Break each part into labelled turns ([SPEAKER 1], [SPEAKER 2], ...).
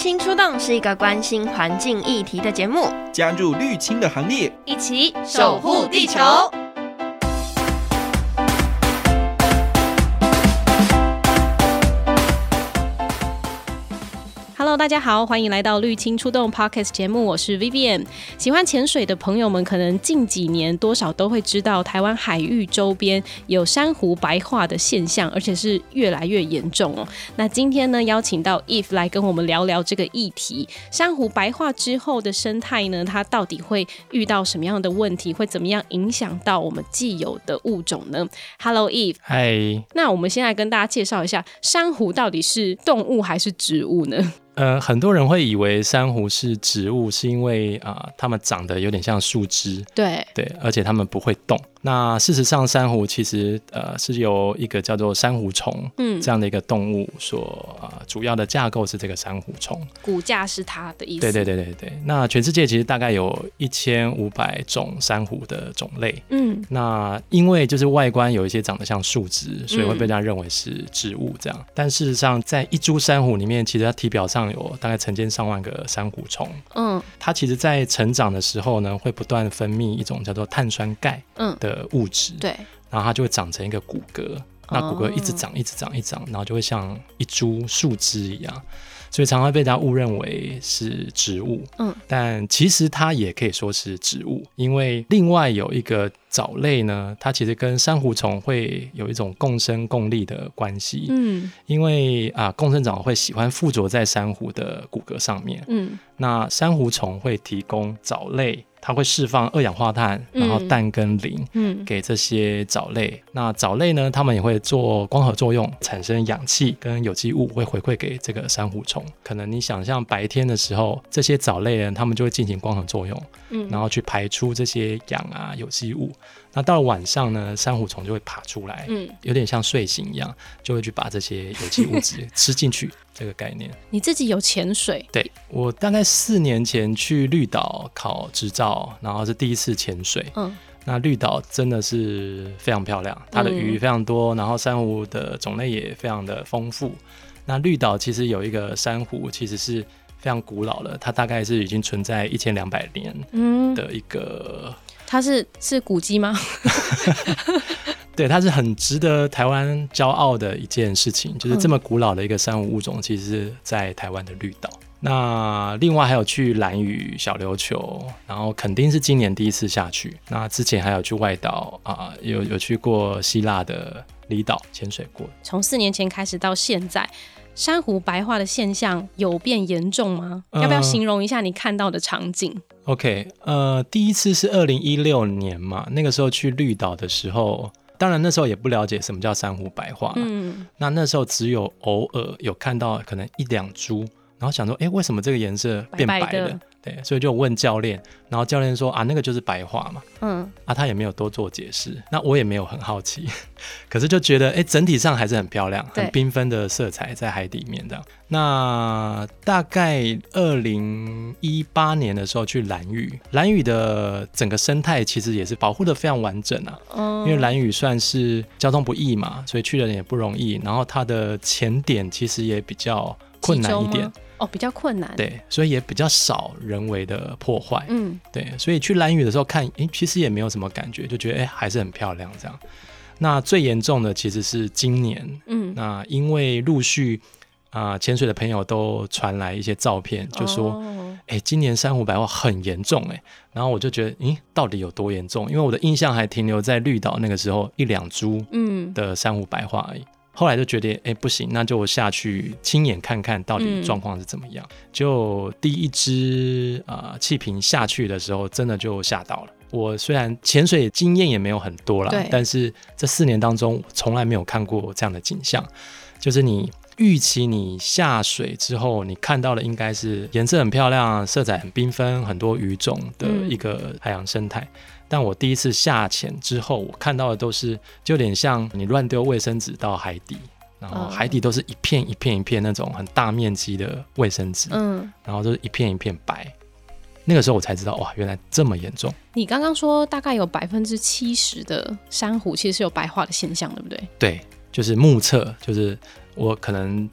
[SPEAKER 1] 綠青出動是一個關心環境議題的節目，
[SPEAKER 2] 加入綠青的行列，
[SPEAKER 1] 一起守護地球。Hello, 大家好，歡迎來到綠青出動 Podcast 節目，我是 Vivian。喜歡潛水的朋友們，可能近幾年多少都會知道台灣海域周邊有珊瑚白化的現象，而且是越來越嚴重哦。那今天呢，邀請到 Yves 來跟我們聊聊這個議題。珊瑚白化之後的生態呢，它到底會遇到什麼樣的問題？會怎麼樣影響到我們既有的物種呢？Hello, Yves，
[SPEAKER 2] 嗨。Hi
[SPEAKER 1] 那我們先來跟大家介紹一下，珊瑚到底是動物還是植物呢？
[SPEAKER 2] 呃，很多人會以為珊瑚是植物，是因為啊，呃，它們長得有點像樹枝，對對，而且它們不會動。那事實上，珊瑚其實呃是由一個叫做珊瑚蟲、嗯、這樣的一個動物所、呃、主要的架構是這個珊瑚蟲
[SPEAKER 1] 骨架是它的意思。對對對對
[SPEAKER 2] 對。那全世界其實大概有一千五百種珊瑚的種類。嗯。那因為就是外觀有一些長得像樹枝，所以會被大家認為是植物這樣。嗯、但事實上，在一株珊瑚裡面，其實它體表上有大概成千上萬個珊瑚蟲。嗯。它其實在成長的時候呢，會不斷分泌一種叫做碳酸鈣。嗯。呃，物質，對，然後它就會長成一個骨骼，對那骨骼一直長，oh. 一直長，一直長，然後就會像一株樹枝一樣，所以常常被大家誤認為是植物，嗯，但其實它也可以說是植物，因為另外有一個藻類呢，它其實跟珊瑚蟲會有一種共生共利的關係，嗯，因為啊，共生藻會喜歡附着在珊瑚的骨骼上面，嗯，那珊瑚蟲會提供藻類。它會釋放二氧化碳，然後氮跟磷給這些藻類。嗯嗯、那藻類呢，它們也會做光合作用，產生氧氣跟有機物，會回饋給這個珊瑚蟲。可能你想象白天的時候，這些藻類呢，它們就會進行光合作用，然後去排出這些氧啊、有機物。嗯那到了晚上呢，珊瑚蟲就會爬出來，嗯、有點像睡醒一樣，就會去把這些有機物質吃進去。 這個概念，
[SPEAKER 1] 你自己有潛水？
[SPEAKER 2] 對，我大概四年前去綠島考執照，然後是第一次潛水。嗯，那綠島真的是非常漂亮，它的魚非常多，然後珊瑚的種類也非常的豐富。嗯、那綠島其實有一個珊瑚，其實是非常古老的，它大概是已經存在一千兩百年。嗯，的一個。嗯
[SPEAKER 1] 它是是古蹟嗎？
[SPEAKER 2] 對，它是很值得台灣驕傲的一件事情，就是這麼古老的一個三無物種，其實是在台灣的綠島。那另外還有去蘭嶼、小琉球，然後肯定是今年第一次下去。那之前還有去外島啊，呃，有有去過希臘的離島潛水過。
[SPEAKER 1] 從四年前開始到現在，珊瑚白化的現象有變嚴重嗎？要不要形容一下你看到的場景？
[SPEAKER 2] 呃，OK，呃，第一次是二零一六年嘛，那個時候去綠島的時候，當然那時候也不了解什麼叫珊瑚白化了。嗯嗯。那那時候只有偶爾有看到可能一兩株。然後想說，誒，為什麼這個顏色變白了？白白對，所以就問教練，然後教練說啊，那個就是白化嘛。嗯，啊，他也沒有多做解釋。那我也沒有很好奇，可是就覺得，誒，整體上還是很漂亮，對很繽紛的色彩在海底面這樣，那大概二零一八年的時候去蘭嶼，蘭嶼的整個生態其實也是保護得非常完整啊。嗯、因為蘭嶼算是交通不易嘛，所以去的人也不容易。然後它的潛點其實也比較困難一點。
[SPEAKER 1] 哦，比較困難，對，
[SPEAKER 2] 所以也比較少人為的破壞，嗯，對，所以去蘭嶼的時候看，哎、欸，其實也沒有什麼感覺，就覺得哎、欸、還是很漂亮這樣。那最嚴重的其實是今年，嗯，那因為陸續啊呃、潛水的朋友都傳來一些照片，就說，哎、哦欸，今年珊瑚白化很嚴重、欸，哎，然後我就覺得，哎、欸，到底有多嚴重？因為我的印象還停留在綠島那個時候一兩株，嗯，的珊瑚白化而已。嗯後來就覺得，哎、欸，不行，那就下去親眼看看到底狀況是怎麼樣。嗯、就第一隻支啊氣瓶下去的時候，真的就嚇到了。我雖然潛水經驗也沒有很多了，對但是這四年當中從來沒有看過這樣的景象。就是你預期你下水之後，你看到的應該是顏色很漂亮，色彩很繽紛，很多魚種的一個海洋生態。嗯但我第一次下潛之後，我看到的都是，就有點像你亂丟衛生紙到海底，然後海底都是一片一片一片那種很大面積的衛生紙，嗯，然後都是一片一片白。那個時候我才知道，哇，原來這麼嚴重。
[SPEAKER 1] 你剛剛說大概有百分之七十的珊瑚其實是有白化的現象，對不對？
[SPEAKER 2] 對，就是目測，就是我可能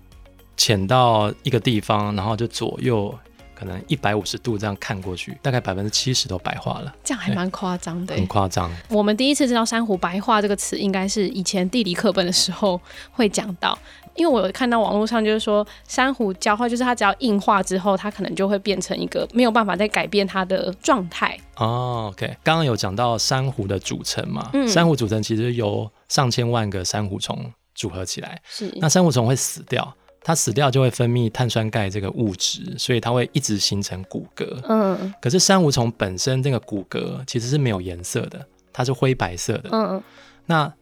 [SPEAKER 2] 潛到一個地方，然後就左右。可能一百五十度這樣看過去，大概百分之七十都白化了，
[SPEAKER 1] 這樣還蠻誇張的。很誇張。我們第一次知道“珊瑚白化”這個詞，應該是以前地理課本的時候會講到。因為我有看到網絡上就是說，珊瑚礁化就是它只要硬化之後，它可能就會變成一個沒有辦法再改變它的狀態。
[SPEAKER 2] 哦，OK，剛剛有講到珊瑚的組成嘛？嗯，珊瑚組成其實由上千萬個珊瑚蟲組合起來。是。那珊瑚蟲會死掉。它死掉就會分泌碳酸鈣這個物質，所以它會一直形成骨骼。嗯，可是珊瑚蟲本身這個骨骼其實是沒有顏色的，它是灰白色的。嗯嗯。那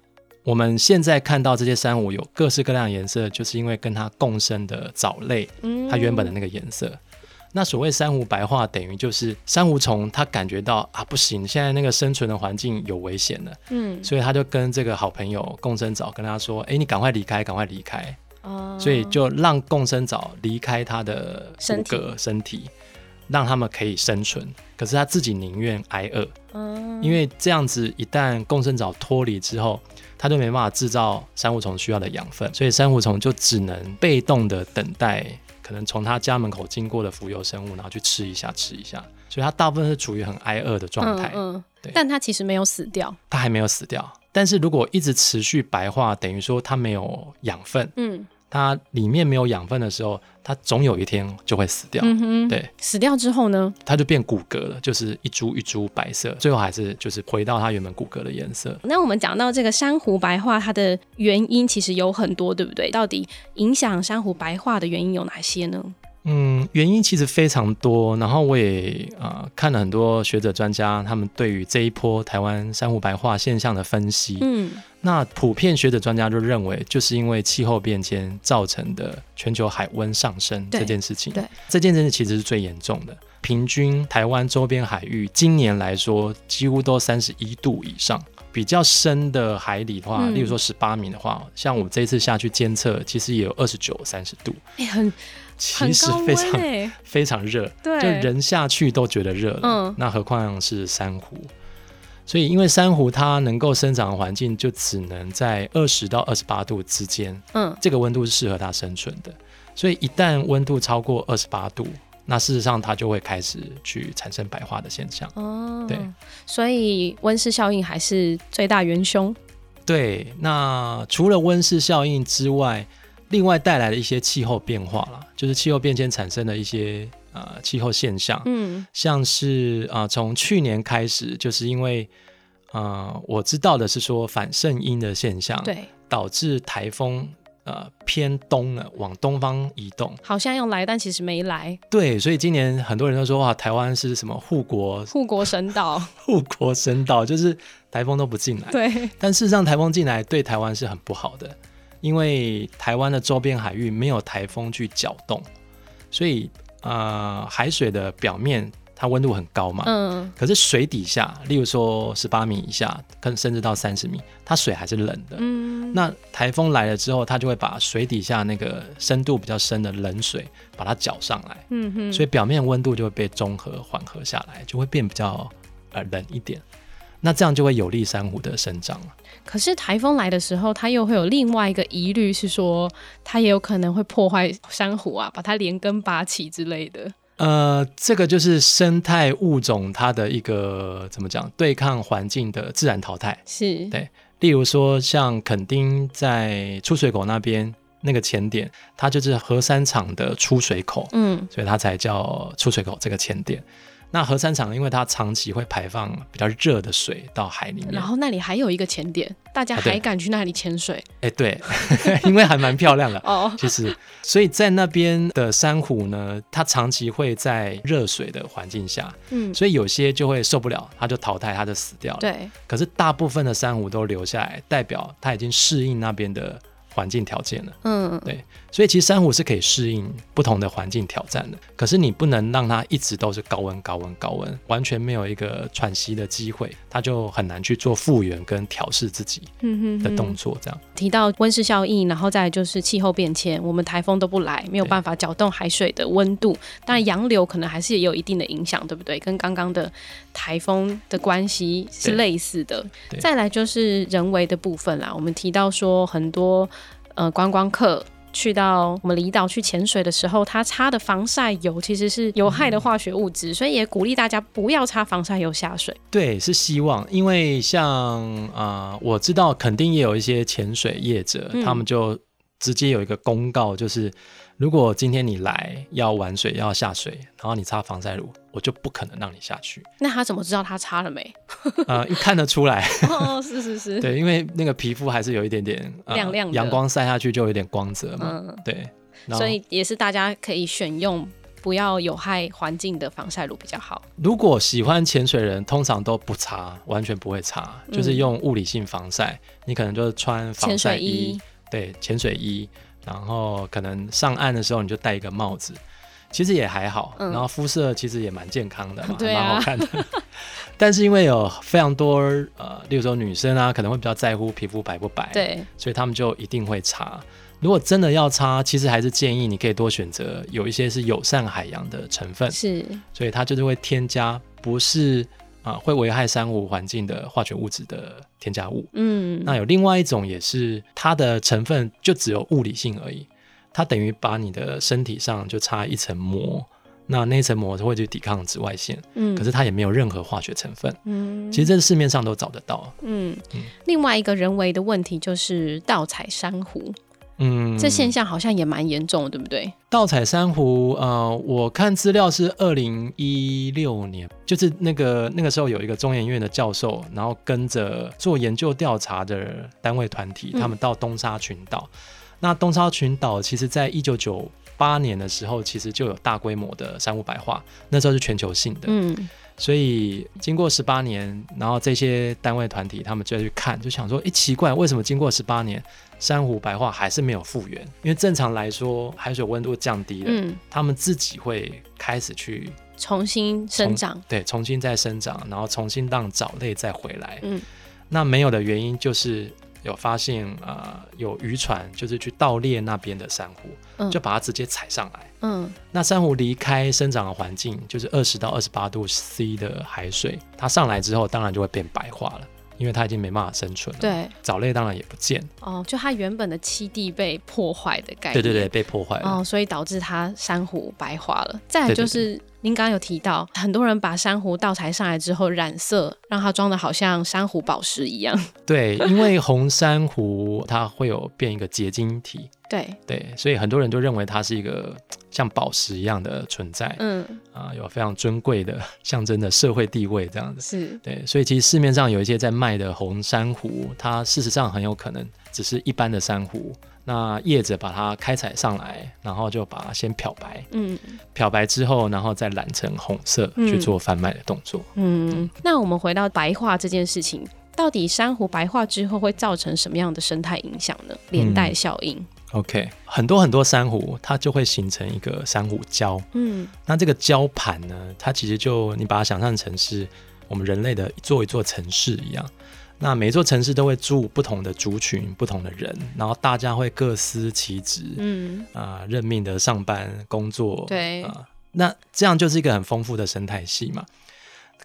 [SPEAKER 2] 我們現在看到這些珊瑚有各式各樣的顏色，就是因為跟它共生的藻類，它原本的那個顏色。嗯，那所謂珊瑚白化，等於就是珊瑚蟲它感覺到啊不行，現在那個生存的環境有危險了。嗯，所以它就跟這個好朋友共生藻跟它說：“誒、欸，你趕快離開，趕快離開。”所以就讓共生藻離開它的骨骼身體，身體，讓他們可以生存。可是他自己寧願挨餓，嗯，因為這樣子一旦共生藻脫離之後，他就沒辦法制造珊瑚蟲需要的養分，所以珊瑚蟲就只能被動的等待，可能從他家門口經過的浮游生物，然後去吃一下吃一下。所以它大部分是處於很挨餓的狀態，嗯，
[SPEAKER 1] 嗯，對。但它其實沒有死掉，
[SPEAKER 2] 它還沒有死掉。但是如果一直持續白化，等於說它沒有養分，嗯。它裡面沒有養分的時候，它總有一天就會死掉。嗯哼，對，
[SPEAKER 1] 死掉之後呢，
[SPEAKER 2] 它就變骨骼了，就是一株一株白色，最後還是就是回到它原本骨骼的顏色。
[SPEAKER 1] 那我們講到這個珊瑚白化，它的原因其實有很多，對不對？到底影響珊瑚白化的原因有哪些呢？
[SPEAKER 2] 嗯，原因其實非常多。然後我也、呃、看了很多學者專家，他們對於這一波台灣珊瑚白化現象的分析。嗯，那普遍學者專家就認為，就是因為氣候變遷造成的全球海溫上升對這件事情。對，這件事情其實是最嚴重的。平均台灣周邊海域今年來說，幾乎都三十一度以上。比較深的海裡的話，例如說十八米的話，嗯、像我這一次下去監測，其實也有二十九、三十度。
[SPEAKER 1] 欸，很其實非常
[SPEAKER 2] 非常熱，對，就人下去都覺得熱了，嗯，那何況是珊瑚？所以，因為珊瑚它能夠生長的環境就只能在二十到二十八度之間，嗯，這個溫度是適合它生存的。所以，一旦溫度超過二十八度，那事實上它就會開始去產生白化的現象。
[SPEAKER 1] 哦，對，所以溫室效應還是最大元凶。
[SPEAKER 2] 對，那除了溫室效應之外。另外帶來的一些氣候變化啦，就是氣候變遷產生的一些呃氣候現象，嗯，像是啊從、呃、去年開始，就是因為、呃、我知道的是說反聖嬰的現象，對，導致台風呃偏東了，往東方移動，
[SPEAKER 1] 好像要來，但其實沒來，
[SPEAKER 2] 對，所以今年很多人都說，哇，台灣是什麼護國護國神島？護國神島就是台風都不進來，對，但事實上台風進來對台灣是很不好的。因為台灣的周邊海域沒有颱風去攪動，所以，呃，海水的表面它溫度很高嘛，嗯，可是水底下，例如說十八米以下，甚至到三十米，它水還是冷的，嗯，那颱風來了之後，它就會把水底下那個深度比較深的冷水把它攪上來，嗯哼，所以表面溫度就會被中和緩和下來，就會變比較冷一點。那這樣就會有利珊瑚的生長了。
[SPEAKER 1] 可是台風來的時候，它又會有另外一個疑慮，是說它也有可能會破壞珊瑚啊，把它連根拔起之類的。
[SPEAKER 2] 呃，這個就是生態物種它的一個怎麼講？對抗環境的自然淘汰是。對，例如說像墾丁在出水口那邊那個潛點，它就是核三廠的出水口，嗯，所以它才叫出水口這個潛點。那核三廠，因為它長期會排放比較熱的水到海裡面，然後
[SPEAKER 1] 那裡還有一個潛點，大家還敢去那裡潛水？哎、啊，
[SPEAKER 2] 對，欸、對 因為還蠻漂亮的哦。 其實所以在那邊的珊瑚呢，它長期會在熱水的環境下，嗯，所以有些就會受不了，它就淘汰，它就死掉了。對，可是大部分的珊瑚都留下來，代表它已經適應那邊的環境條件了。嗯，對。所以其實珊瑚是可以適應不同的環境挑戰的，可是你不能讓它一直都是高溫、高溫、高溫，完全沒有一個喘息的機會，它就很難去做復原跟調試自己，
[SPEAKER 1] 的動作。這樣、嗯、哼哼提到溫室效應，然後再來就是氣候變遷，我們台風都不來，沒有辦法對攪動海水的溫度。當然洋流可能還是也有一定的影響，對不對？跟剛剛的台風的關係是類似的。再來就是人為的部分啦，我們提到說很多呃觀光客。去到我們離島去潛水的時候，他擦的防曬油其實是有害的化學物質，嗯。所以也鼓勵大家不要擦防曬油下水。
[SPEAKER 2] 對，是希望，因為像啊、呃，我知道肯定也有一些潛水業者，嗯。他們就直接有一個公告，就是。如果今天你來要玩水要下水，然後你擦防曬乳，我就不可能讓你下去。
[SPEAKER 1] 那他怎麼知道他擦了沒？
[SPEAKER 2] 呃，看得出來。
[SPEAKER 1] 哦，是是是。對，
[SPEAKER 2] 因為那個皮膚還是有一點點、呃、亮亮的，陽光曬下去就有點光澤嘛。嗯、對。所以
[SPEAKER 1] 也是大家可以選用不要有害環境的防曬乳比較好。
[SPEAKER 2] 如果喜歡潛水人，通常都不擦，完全不會擦，嗯、就是用物理性防曬。你可能就是穿防曬衣潛水衣，對，潛水衣。然後可能上岸的時候，你就戴一個帽子，其實也還好。嗯、然後膚色其實也蠻健康的嘛，嗯、蠻好看的。對啊、 但是因為有非常多呃，例如說女生啊，可能會比較在乎皮膚白不白，對，所以他們就一定會擦。如果真的要擦，其實還是建議你可以多選擇有一些是友善海洋的成分，是，所以它就是會添加不是，啊，會危害生物環境的化學物質的添加物。嗯，那有另外一種，也是它的成分就只有物理性而已，它等於把你的身體上就插一層膜，那那層膜會去抵抗紫外線。嗯，可是它也沒有任何化學成分。嗯，其實這市面上都找得到。嗯，嗯
[SPEAKER 1] 另外一個人為的問題就是盜採珊瑚。
[SPEAKER 2] 嗯，這現象
[SPEAKER 1] 好像也蠻嚴重的，對不對？
[SPEAKER 2] 盜採珊瑚，呃，我看資料是二零一六年，就是那個那個時候有一個中研院的教授，然後跟着做研究調查的單位團體，他們到東沙群島。嗯。那東沙群島其實在一九九八年的時候，其實就有大規模的珊瑚白化，那時候是全球性的。嗯。所以經過十八年，然後這些單位團體他們就去看，就想說：欸，奇怪，為什麼經過十八年，珊瑚白化還是沒有復原？因為正常來說，海水溫度降低了，嗯，他們自己會開始去
[SPEAKER 1] 重新生長，
[SPEAKER 2] 對，重新再生長，然後重新讓藻類再回來，嗯，那沒有的原因就是。有發現啊、呃，有漁船就是去盜獵那邊的珊瑚，嗯，就把它直接踩上來。
[SPEAKER 1] 嗯，
[SPEAKER 2] 那珊瑚離開生長的環境，就是二十到二十八度 C 的海水，它上來之後，當然就會變白化了，因為它已經沒辦法生存了。對，藻類當然也不見
[SPEAKER 1] 哦，就它原本的棲地被破壞的概念，對對
[SPEAKER 2] 對，被破壞哦，
[SPEAKER 1] 所以導致它珊瑚白化了。再來就是。對對對您剛剛有提到，很多人把珊瑚盜採上來之後染色，讓它裝得好像珊瑚寶石一樣。
[SPEAKER 2] 對，因為紅珊瑚它會有變一個結晶體。 對對，所以很多人就認為它是一個像寶石一樣的存在。嗯啊，有非常尊貴的象徵的社會地位這樣子。是對，所以其實市面上有一些在賣的紅珊瑚，它事實上很有可能只是一般的珊瑚。那葉子把它開採上來，然後就把它先漂白，嗯，漂白之後，然後再染成紅色、嗯、去做販賣的動作。嗯，
[SPEAKER 1] 那我們回到白化這件事情，到底珊瑚白化之後會造成什麼樣的生態影響呢？連帶效應、
[SPEAKER 2] 嗯。OK，很多很多珊瑚它就會形成一個珊瑚礁，嗯，那這個礁盤呢，它其實就你把它想象成是我們人類的一座一座城市一樣。那每座城市都會住不同的族群、不同的人，然後大家會各司其職，嗯啊、呃，任命的上班工作，對啊、呃，那這樣就是一個很豐富的生態系嘛。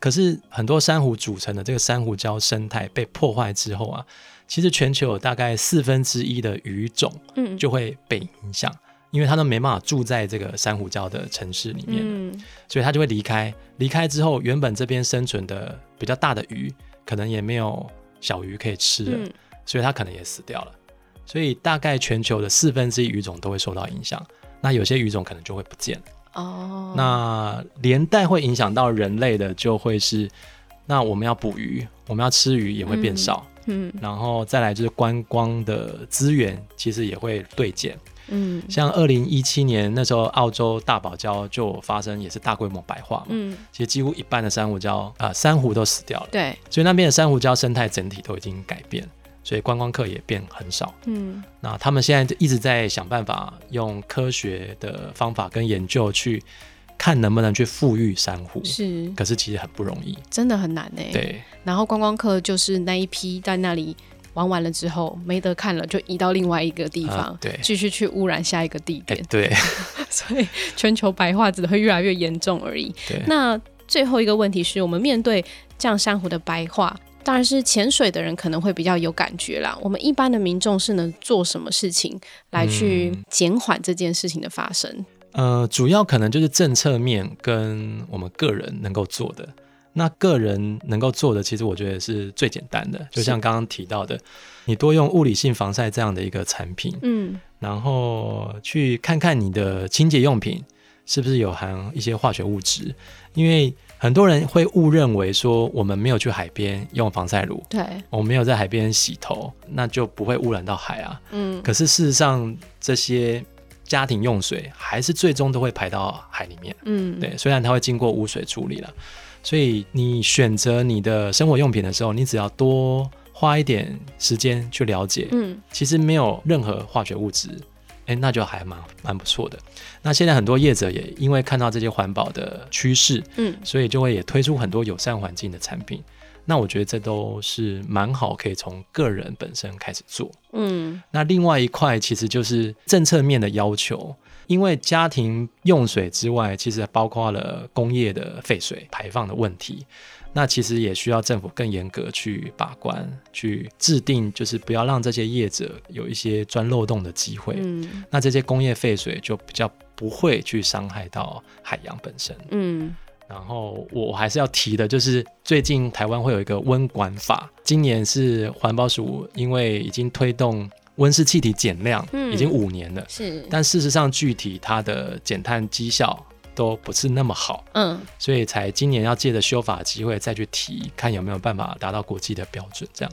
[SPEAKER 2] 可是很多珊瑚組成的這個珊瑚礁生態被破壞之後啊，其實全球有大概四分之一的魚種就會被影響，嗯，因為它都沒辦法住在這個珊瑚礁的城市裡面，嗯，所以它就會離開。離開之後，原本這邊生存的比較大的魚，可能也沒有。小魚可以吃的，所以它可能也死掉了。嗯，所以大概全球的四分之一魚種都會受到影響。那有些魚種可能就會不見了。哦，那連帶會影響到人類的，就會是那我們要捕魚，我們要吃魚也會變少。嗯，嗯，然後再來就是觀光的資源，其實也會對減。嗯，像二零一七年那時候，澳洲大堡礁就發生也是大規模白化嘛。嗯，其實幾乎一半的珊瑚礁啊、呃，珊瑚都死掉了。對，所以那邊的珊瑚礁生態整體都已經改變，所以觀光客也變很少。嗯，那他們現在就一直在想辦法用科學的方法跟研究去看能不能去復育珊瑚，是，可是其實很不容易，
[SPEAKER 1] 真的很難呢、欸。對，然後觀光客就是那一批在那裡。玩完了之後沒得看了，就移到另外一個地方，啊、對，繼續去污染下一個地點，欸、
[SPEAKER 2] 對，
[SPEAKER 1] 所以全球白化只會越來越嚴重而已。對那最後一個問題是我們面對這樣珊瑚的白化，當然是潛水的人可能會比較有感覺啦。我們一般的民眾是能做什麼事情來去減緩這件事情的發生、
[SPEAKER 2] 嗯？呃，主要可能就是政策面跟我們個人能夠做的。那個人能夠做的，其實我覺得是最簡單的，就像剛剛提到的，是你多用物理性防曬這樣的一個產品，嗯，然後去看看你的清潔用品是不是有含一些化學物質，因為很多人會誤認為說我們沒有去海邊用防曬乳，對，我們沒有在海邊洗頭，那就不會污染到海啊，嗯，可是事實上這些家庭用水還是最終都會排到海裡面，嗯，對，雖然它會經過污水處理了。所以你選擇你的生活用品的時候，你只要多花一點時間去了解，嗯，其實沒有任何化學物質，誒，那就還蠻蠻不錯的。那現在很多業者也因為看到這些環保的趨勢，嗯，所以就會也推出很多友善環境的產品。那我覺得這都是蠻好，可以從個人本身開始做，嗯。那另外一塊其實就是政策面的要求。因為家庭用水之外，其實還包括了工業的廢水排放的問題，那其實也需要政府更嚴格去把關，去制定，就是不要讓這些業者有一些鑽漏洞的機會。嗯，那這些工業廢水就比較不會去傷害到海洋本身。嗯，然後我還是要提的，就是最近台灣會有一個溫管法，今年是環保署因為已經推動。溫室氣體減量已經五年了，嗯、是，但事實上具體它的減碳績效都不是那麼好，嗯，所以才今年要借着修法機會再去提，看有沒有辦法達到國際的標準，這樣。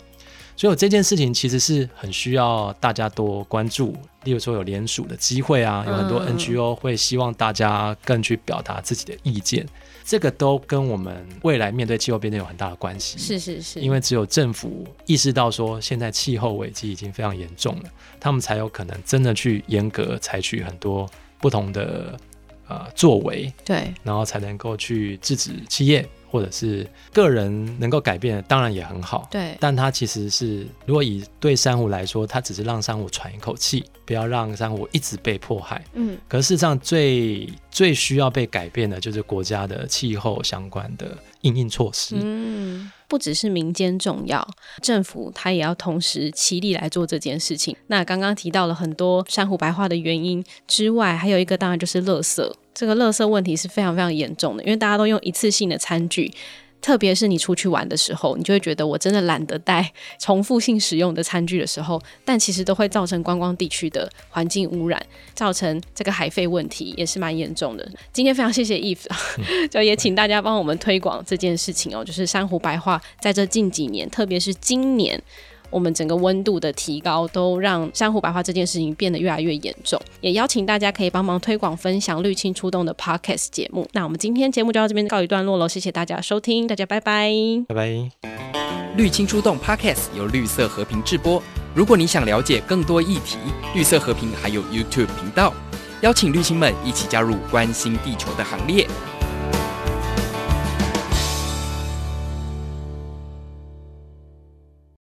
[SPEAKER 2] 所以這件事情其實是很需要大家多關注，例如說有聯署的機會啊，有很多 NGO 會希望大家更去表達自己的意見，這個都跟我們未來面對氣候變化有很大的關係。是是是。因為只有政府意識到說現在氣候危機已經非常嚴重了，他們才有可能真的去嚴格採取很多不同的呃作為，對，然後才能夠去制止企業。或者是個人能夠改變，當然也很好。對，但它其實是，如果以對珊瑚來說，它只是讓珊瑚喘一口氣，不要讓珊瑚一直被迫害。嗯，可是事實上最最需要被改變的，就是國家的氣候相關的因應措施。嗯
[SPEAKER 1] 不只是民間重要，政府它也要同時齊力來做這件事情。那剛剛提到了很多珊瑚白化的原因之外，還有一個當然就是垃圾。這個垃圾問題是非常非常嚴重的，因為大家都用一次性的餐具。特別是你出去玩的時候，你就會覺得我真的懶得帶重複性使用的餐具的時候，但其實都會造成觀光地區的環境污染，造成這個海廢問題也是蠻嚴重的。今天非常謝謝 Yves， 就也請大家幫我們推廣這件事情哦，就是珊瑚白化在這近幾年，特別是今年。我們整個溫度的提高，都讓珊瑚白化這件事情變得越來越嚴重。也邀請大家可以幫忙推廣分享“綠青出動”的 podcast 節目。那我們今天節目就到這邊告一段落嘍，謝謝大家收聽，大家拜拜，
[SPEAKER 2] 拜拜！“綠青出動 ”podcast 由綠色和平製播。如果你想了解更多議題，綠色和平還有 YouTube 頻道，邀請綠青們一起加入關心地球的行列。